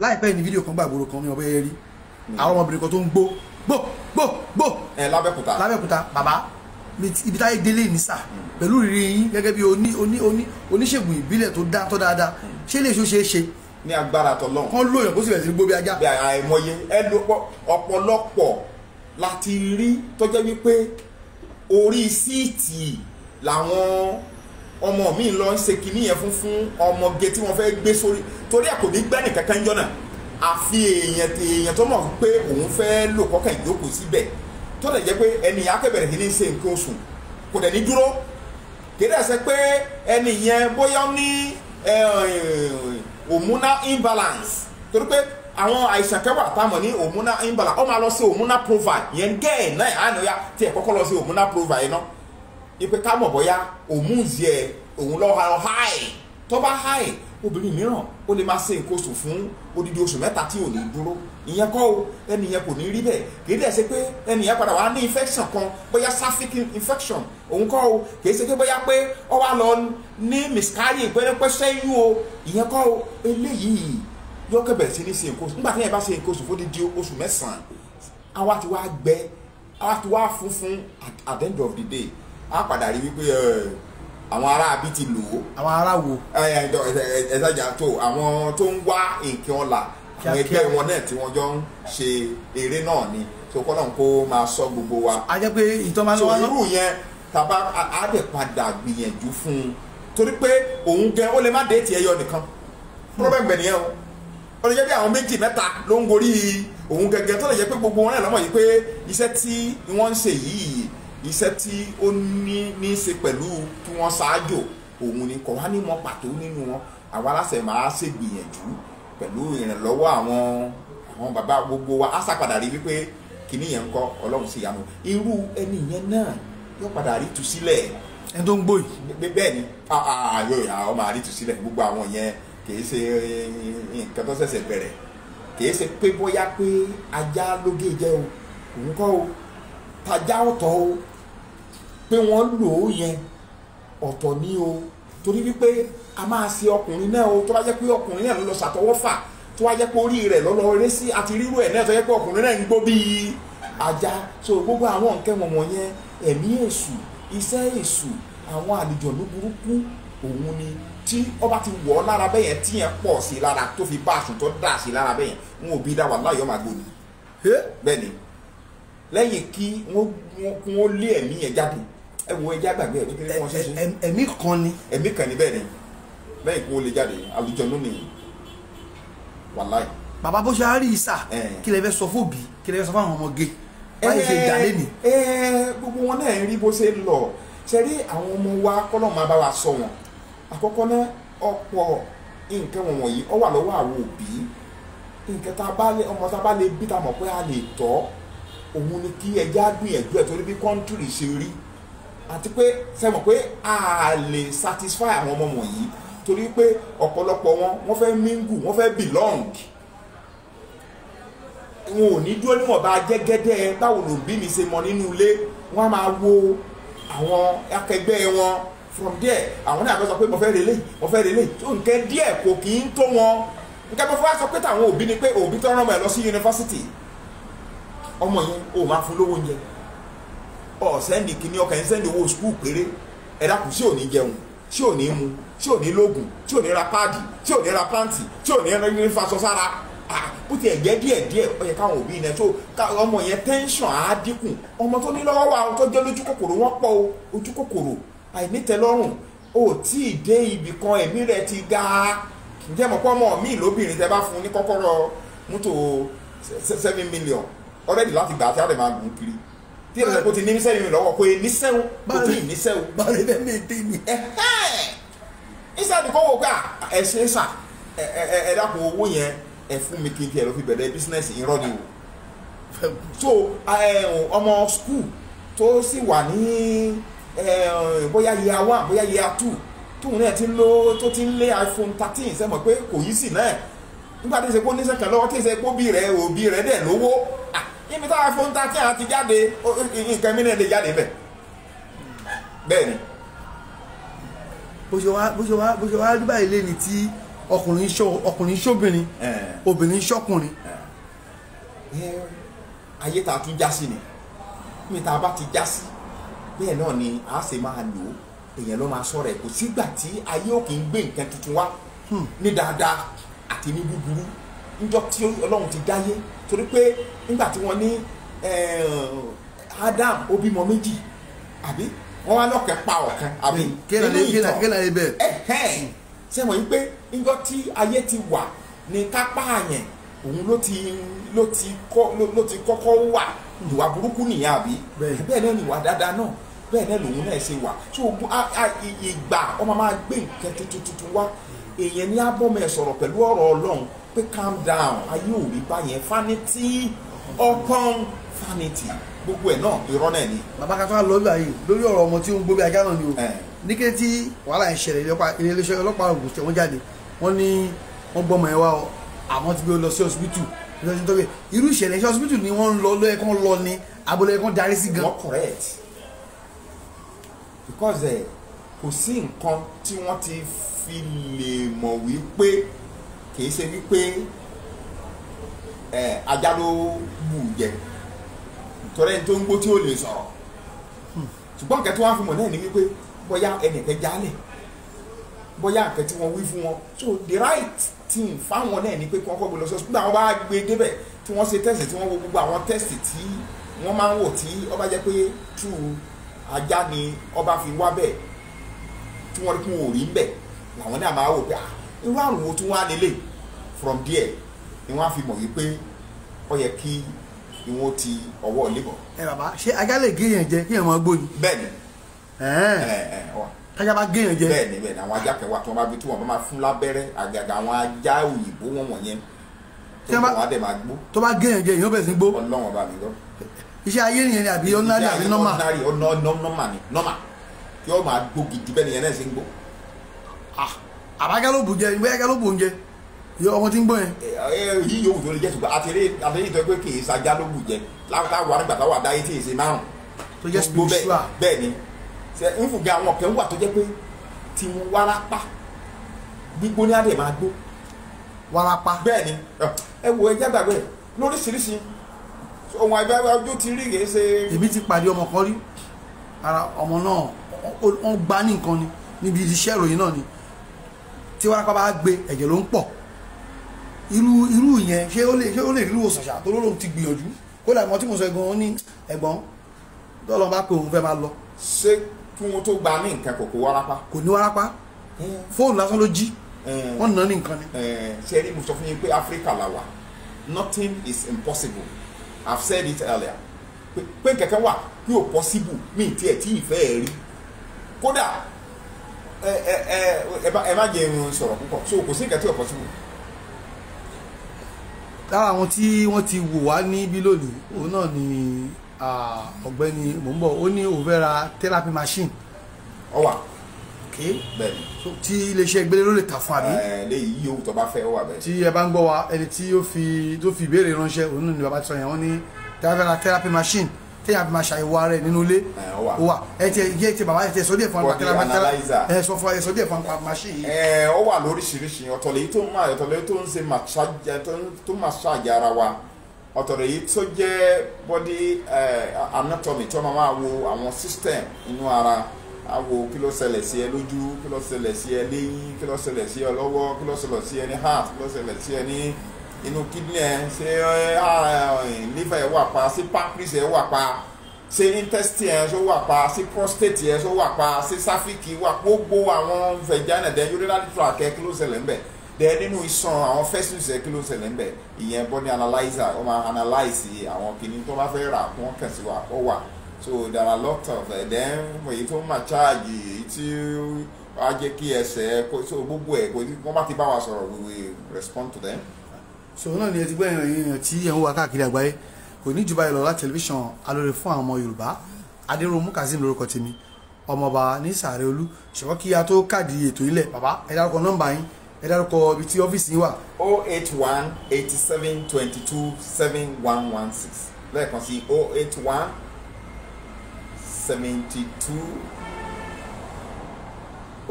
láìpẹ́ ní fídíò kan gbàgbóró kan mi ọ̀bẹ yẹn rí àwọn ọmọbìnrin kan tó ń gbó gbó gbó gbó. ẹ lábẹ́kúta lábẹ́kúta bàbá ibi táyé délé ní sà hmm. pẹ̀lú ìrírí yín gẹ́gẹ́ bí oní oní oní oníṣègùn ìbílẹ̀ tó dá tó dáadáa hmm. ṣé lè ṣó ṣeé ṣe. ní agbára tọlọ́run. kán lóyún kó sì bẹ̀rẹ̀ sí gbó bí ajá. bí àìmọye ẹ ló pọ ọ̀pọ̀lọpọ̀ láti rí tó jẹ́ wípé orí síìtì làwọn ọmọ mi lọ ń ṣe kinní yẹn fún fún ọmọge tí wọ́n fẹ́ gbé sórí torí ẹ̀ kò ní gbẹ́nì kankan jọ́nà àfi èèyàn èèyàn tó mọ̀ pé òun fẹ́ lò kọ́kàn ìjókòó síbẹ̀ tó lè jẹ́ pé ẹni akẹ́bẹ̀rẹ̀ kì í ṣe nǹkan oṣù kò dẹ̀ ní dúró kéde ẹsẹ pé ẹni yẹn bóyá ní hormonal imbalance torí pé àwọn àìsàn kẹwàá táwọn ní hormonal imbalance ó máa lọ sí hormonal profile yẹn gẹ́ẹ̀ náà àná ya tí ẹ̀ kọ́kọ́ lọ sí hormonal profile yẹn náà ipe ká mọ̀ bọ́yá hormones yẹ òun lọ́ ha high tó bá high obìnrin mìíràn ó lè máa ṣe nǹkan oṣù fún odidi oṣù mẹ́ta tí ò ní dúró ìyẹn kọ́ o ẹni yẹn kò ní rí bẹ́ẹ̀ kìí dẹ̀ ṣe pé ẹni yẹn padà wá ní infection kan bóyá sapphic infection òun kọ́ o kìí ṣe pé bóyá pé ọ wá lọ ní miscarriage pẹ́ẹ́pẹ́ sẹ́yìn o ìyẹn kọ́ o eléyìí yóò kẹ̀bẹ̀ sí ní ṣe nǹkan oṣù nígbà tí yẹn bá ṣe nǹkan oṣù fún odidi oṣù mẹ́sàn-án àwa ti wá gbẹ àwa ti wá funfun at the end of the day a padà rí wípé àwọn ará àbí ti lò ó. àwọn ará wo. ẹ ṣáàjà tó àwọn tó ń wá nǹkan ọ̀la àwọn ẹgbẹ́ wọn náà tí wọ́n jọ ń ṣe eré náà ni tó kọ́ náà kó máa sọ gbogbo wa. a jẹ́ pé ìtọ́ máa ń lọ́wọ́. so irú yẹn tàbá á dẹ̀ padà gbìyànjú fún un torí pé òun gan ó lè má déètì ẹyọ nìkan hmm. problem nìyẹn o ó lè jẹ́ bí àwọn méjì mẹ́ta ló ń gorí òun gẹ́gẹ́ tó lè jẹ́ pé gbogbo wọn náà lọ́mọ yìí pé iṣẹ́ tí wọ́n ń ṣe yìí iṣẹ́ tí ó ní ní ṣe pẹ̀lú kí wọ́n ṣáájò òun ni kò wá ní mọ pàtó nínú wọn àwọn aláṣẹ máa ṣègbìyànjú pẹ̀lú ìrànlọ́wọ́ àwọn àwọn bàbá gbogbo wa á ṣàpadà rí wípé kìíní yẹn ń kọ́ ọlọ́run sí ìyanu irú ẹni yẹn náà yóò padà rí tu sílẹ̀ ẹni tó ń gbòyì. bẹ́ẹ̀ ni yóò yà ọ́ máa rí tu sílẹ̀ gbogbo àwọn yẹn kìí ṣe eh, nǹkan tó ṣẹ̀ṣẹ̀ bẹ̀rẹ̀ kìí ṣe pé bóyá pé ajá lóge jẹ́ o òun kọ́ o tajá ọ̀tọ̀ o pé wọ́n lò ó yẹn ọ̀tọ̀ ni o torí wípé a máa ṣe ọkùnrin náà o tó bá jẹ́ pé ọkùnrin náà ló lọ ṣàtọwọ́fà tó bá jẹ́ pé orí rẹ̀ lọ́lọ́ eré sí àti rírú ẹ̀ náà tó jẹ́ pé ọkùnrin náà ń gbó bíi ajá so gbogbo àwọn nǹkan wọ̀n yẹn ẹ̀mí èṣù iṣẹ́ èṣù àwọn àlùjọ̀nú burúkú òun ni tí ọba ti wọ̀ ọ́ lára bẹ́yẹn tí yẹn pọ̀ sí lára tó fi bá àṣùn tó dà sí lára bẹ́yẹn n ò bí dá wà láyọ̀ máa gbòdì bẹ́ẹ̀ ni lẹ́yìn kí wọ́n lé ẹ̀mí yẹn jáde ẹ wo ẹjẹ àgbàgbé ẹ tó kéré fún ọ ṣẹṣẹ. ẹ̀mí kan ni. ẹ̀mí kan ni bẹ́ẹ̀ ni bẹ́ẹ̀ kó lè jáde àlùjọ ló nìyí wàláì. bàbá bó ṣe á rí ìsà kí lè fẹ́ sọ fóbi kí lè fẹ́ sọ fáwọn ọmọge báyìí ṣe dà lẹ́nìí. gbogbo wọn náà ń rí bó ṣe ń lọ ṣe àwọn ọmọ wa kọ́lọ̀ máa bá wa sọ wọn àkọ́kọ́ náà ọ̀pọ̀ nǹkan wọ̀nyí ó wà lọ́wọ́ àwọn òbí nǹkan tá a bá lè ọmọ tá a bá lè bí ta mọ̀ pé a lè tọ́ òun ni kí ẹja gbìyànjú ẹ̀ torí bí kọ́ńtìrì ṣe rí àti pé ṣe mọ̀ pé a lè satisfy àwọn ọmọ wọ̀nyí torí pé ọ̀pọ̀lọpọ̀ wọn wọ́n fẹ́ mingle wọ́n fẹ́ belong wọn ò ní dúró níwọ̀nba jẹ́gẹ́dẹ́ báwo ló ń bí mi ṣe mọ nínú ilé wọ́n á máa wo àwọn akẹgbẹ́ wọn from there àwọn náà fẹ́ sọ pé mo fẹ́ relé mo fẹ́ relé tó nǹkan díẹ̀ kò kì í tó wọn nǹkan bó fẹ́ wá sọ pé táwọn òbí ni pé òbí tó rán ọmọ ẹ̀ lọ sí yunifásitì ọmọ yẹn ò máa fún lówó oúnjẹ ọ sẹ́ndì kìíní ọkàn yín sẹ́ndì owó skul péré ẹ dákun sí òní jẹun sí òní mu sí òní lóògùn sí òní ra páàdì sí òní ra pàǹtì sí òní rí faṣọ sára bó ti ẹ̀ jẹ́ díẹ̀ díẹ̀ ó yẹ káwọn òbí yẹn tó ọmọ yẹn tẹ́ńsọ̀n á dínkù ọmọ tó ní lọ́wọ́ wa tó jẹ́ lójú kòkòrò wọ́n pọ̀ ojú kòkòrò àìnítẹ́lọ́rùn ò tí ì dé ibì kan ẹ̀mí rẹ̀ ti ga ǹjẹ́ mọ̀ pé ọmọ mi lóbìnrin tẹ bá fún ní kọ́kọ́rọ́ mọ́tò seven million ọ̀rẹ́dì láti gbà tí a lè máa gùn kiri tí ẹ lọ o ti ní mísẹ́ yìí lọ́wọ́ pé níṣẹ́ o o ti níṣẹ́ o. báwo ni mi dé mi. ìsàdùkọ́ wo pé ẹ ṣe sà ẹ dàpọ̀ owó yẹn ẹ fún mi kí n tiẹ̀ lọ fi bẹ̀rẹ̀ bísínẹ́sì irọ́ ni o. so ọmọ skul tó sì wà ní bóyá year one bóyá year two tóun náà ti ń lo tó ti ń lé iphone thirteen sẹ́mọ̀ pé kò yí sí náà nígbà tí ó ṣe pé ó níṣẹ́ kan lọ́wọ́ tí ó ṣe pé ó bí rẹ̀ òbí rẹ̀ dẹ̀ lówó níbi tá a fọ́n ta tí a ti jáde nǹkan mìíràn lè jáde bẹ̀ bẹ́ẹ̀ ni. bó ṣe wá bó ṣe wá bó ṣe wá rí báyìí lẹ́ni tí ọkùnrin ṣọ ọkùnrin ṣọbìnrin obìnrin ṣọkùnrin. ayé tá a tún já sí ni mi tá a bá ti já sí bẹ́ẹ̀ náà ni a ṣe máa lò ó èèyàn ló máa sọ̀rọ̀ ẹ̀ kò sígbà tí ayé ò kì í gbé nǹkan tuntun wá hmm. ní dáadáa àti ní búburú níjọ́ tí ọlọ́run ti dáyé torí pé nígbà tí wọ́n ní eh, Adam ó bímọ méjì àbí wọ́n wá lọ́kẹ́ pa ọ̀kan àbí nínú ìtàn ṣé wọ́n yí pé níjọ́ tí ayé ti wà ní kápá yẹn òun ló ti ló ti kọ́ ló ti kọ́kọ́ wà ìwà burúkú nìyẹn àbí bẹ́ẹ̀ náà ìwà dáadáa náà bẹ́ẹ̀ náà lòun náà ṣe wà tí ogun ìgbà ọmọ máa gbé nǹkan tuntun wá èèyàn ní abọ́mọ ẹ̀ sọ̀rọ̀ pẹ̀lú ọ̀rọ̀ ọlọ́run pé calm down ayé ò rí báyẹn fanity upon fanity gbogbo ẹ̀ náà irọ́ náà ni. bàbá kátó lọ bí ayé lórí ọ̀rọ̀ ọmọ tí ó ń gbóbi ajá náà ni o ní kété tí wàhálà ẹ̀ ṣẹlẹ̀ iléeṣẹ́ ọlọ́pàá ògùn tẹ̀wọ́n jáde wọ́n ní wọ́n gbọ́mọ ẹ̀ wá ọ àmọ́ ti gbé lọ sí hospital irú ìṣẹ̀lẹ̀ iṣẹ́ hospital ni wọ́n ń lọ lọ́yẹ̀ kan lọ ni abolẹ̀ kan darí sí gan. wọ́n correct because eh, kò sí nǹkan tí wọ́n ti fi lè mọ̀ wípé kìí ṣe wípé ajá ló bù jẹ torí ẹni tó ń gbó tí ó lè sọ̀rọ̀ ṣùgbọ́n nǹkan tí á fi mọ̀ náà ni wípé bóyá ẹnìkan jálẹ̀ bóyá nǹkan tí wọ́n wí fún wọn so the right thing fáwọn náà ni pé kí wọ́n kọ́ gbé lọ sọ́sọ́ gbogbo àwọn bá gbé débẹ̀ tí wọ́n ṣe tẹ́sì tí wọ́n wo gbogbo àwọn tẹ́sì tí wọ́n máa ń wò tí ó jẹ́ pé true ajá ni ó fi wá bẹ́ẹ̀ tí wọ́n rí kún òrí ń bẹ̀ làwọn náà máa wò pé ah irú àrùn wo tún wá lélẹ̀ from there ni wọ́n á fi mọ̀ wípé ó yẹ kí ìwọ́n ti ọwọ́ ilé bọ̀. ẹ bàbá ṣé ajá lè gé yẹn jẹ kí yẹn máa gbó ni. bẹ́ẹ̀ni tájá bá gé yẹn jẹ. bẹ́ẹ̀ni bẹ́ẹ̀ni àwọn ajá kẹwàá tí wọn bá bí tí wọn bá fún lábẹ́rẹ́ àgàgà àwọn ajá òyìnbó wọn wọ̀nyẹn tó bá wọn dẹ máa gbó. tó bá gé yẹn jẹ yóò bẹ̀rẹ̀ sí gbó. Ọlọ́run ọba mi lọ. iṣẹ́ ayé yẹn ni àbí ordinary àbí normal. ordinary ọ̀nà normal ni normal yóò máa gbó gidi bẹ́ẹ̀ ni yẹn náà ṣe ń gbó. Ah! àbájá ló bùn jẹ ìgbéyàgá ló bùn jẹ yọ ọmọ tí ń gbọ́ yẹn. yìí yòówù tó lè jẹ́ ṣùgbọ́n àtẹ̀lé àtẹ̀lé ìtọ́ pé kì í ṣajá ló bùn jẹ láwọn àgbà táwọn àdáyé tí ì ṣe márùn. tó jẹ́ spiritual bẹ́ẹ̀ ni ń fùgẹ́ àwọn kan wà tó jẹ́ pé tí wọ́n wárápá gbígbóni á dẹ̀ máa gbó. wárápá bẹ́ẹ̀ ni ẹ wo ẹjẹ́ àgbàgbẹ́ lóríṣiríṣi ohun ẹgbẹ́ ojú ti rí kì í ara ọmọ náà ó gbá ní nǹkan ni níbi iṣẹ́ ìròyìn tí wárápá bá gbé ẹ̀jẹ̀ ló ń pọ̀ irú irú yẹn ṣé ó lè ṣé ó lè rí ìwòsàn ṣá tó lóun ti gbìyànjú kó lè mọ tí mo sọ ẹ̀gbọ́n ó ní ẹ̀gbọ́n tọ́lọ́ bá pé òun fẹ́ máa lọ. ṣé kí wọn tó gba ní nǹkan kò kó wárápá. kò ní wárápá hmm. fóònù lásán ló jí eh. wọn nà ní nǹkan ni. Eh, ṣe rí mo sọ fún yín pé áfíríkà la wà nothing is impossible i've said it earlier pé kẹ̀kẹ́ wà yóò possible mi tiẹ̀ tí ì fẹ́ rí kódà ẹ ẹ ẹ ẹ má jẹ irun sọ̀rọ̀ púpọ̀ so kò sí nǹkan tí ò possible. lára àwọn tí wọ́n ti wò wá níbí lónìí òun náà ni ọ̀gbẹ́ni mòńbọ̀ ó ní òun fẹ́ ra therapy machine. ọwà bẹ́ẹ̀ni. tí iléeṣẹ́ ìgbélé ló lè tà fún àbí. léyìí yòówù tó bá ó, wà bẹ́ẹ̀. tí ẹ bá ń gbọ́ wa ẹni tí ó fi ìbéèrè ránṣẹ́ òun náà ni bàbá ti sọ yẹn wọ́n ní therapy machine téèyàn fi máa ṣàyẹ̀wò ara ẹ̀ nínú ilé ó wà ẹ tiẹ̀ yé tiẹ̀ bàbá ẹ tiẹ̀ sọ díẹ̀ fún wa kílámà ẹ sọ fún ẹ sọ díẹ̀ fún wa yìí. ẹ ó wà lóríṣiríṣi ọ̀tọ̀lẹ̀ yìí tó ń máa ọ̀tọ̀lẹ̀ yìí tó ń ṣe tó máa ṣàjà ara wa ọ̀tọ̀lẹ̀ yìí tó jẹ́ body eh, anatomy tó máa wo àwọn system inú ara awo kí ló ṣẹlẹ̀ sí ẹ lójú kí ló sí ẹ léyín kí ló sí ẹ lọ́wọ́ kí ló sí ẹ ní wà pa ṣé pancreas ẹ wà pa ṣé intestine ẹ ṣó wà pa ṣé prostate ẹ ṣó wà pa ṣé sáfíkì wà gbogbo àwọn vagina then urinary tract ẹ kí ló ṣẹlẹ̀ ń bẹ̀ then nínú iṣan àwọn festus ẹ kí ló ṣẹlẹ̀ ń bẹ̀ ìyẹn body analyzer ó máa analyze àwọn kìíní tó bá fẹ́ rà kí wọ́n kàn sí wa ó wà so there are lots of ẹ eh, then èyí tó máa charge èyí tí á jẹ́ kí ẹsẹ̀ kó so gbogbo ẹ̀ kó wọ́n bá ti bá wa sọ̀rọ̀ we will respond to them. sọ̀rọ̀ náà ni ẹ ti gbọ́ ẹ̀yàn tí ẹ̀ ń wá káàkiri àgbáyé kò ní jù báyìí lọ láti tẹlifíṣàn alóore fún àwọn ọmọ yorùbá adéròmú kazeem lórúkọ tèmi ọmọọba ní sàárẹ̀ olú ṣùgbọ́n kí a tó káàdì ètò ilẹ̀ bàbá ẹ dárúkọ nọ́mbà yín ẹ dárúkọ ibi tí ọ́fíìsì yín wà. oh eight one eighty seven twenty two seven one one six lẹ́ẹ̀kan sí oh eight one seventy two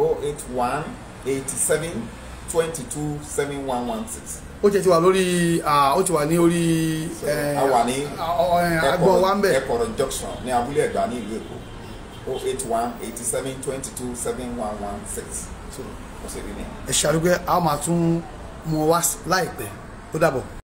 oh eight one eighty seven twenty two seven one one six ó ti wà lórí ó ti wà ní orí agbọ̀n wa ń bẹ̀. ẹ̀kọ́rọ̀ junction ní abúlé ẹ̀gbá ní ìlú èkó oh eight one eighty seven twenty two seven one one six. ẹ ṣàlùkẹ́ a máa tún mú ọ wá láìpẹ́ ó dàbọ̀.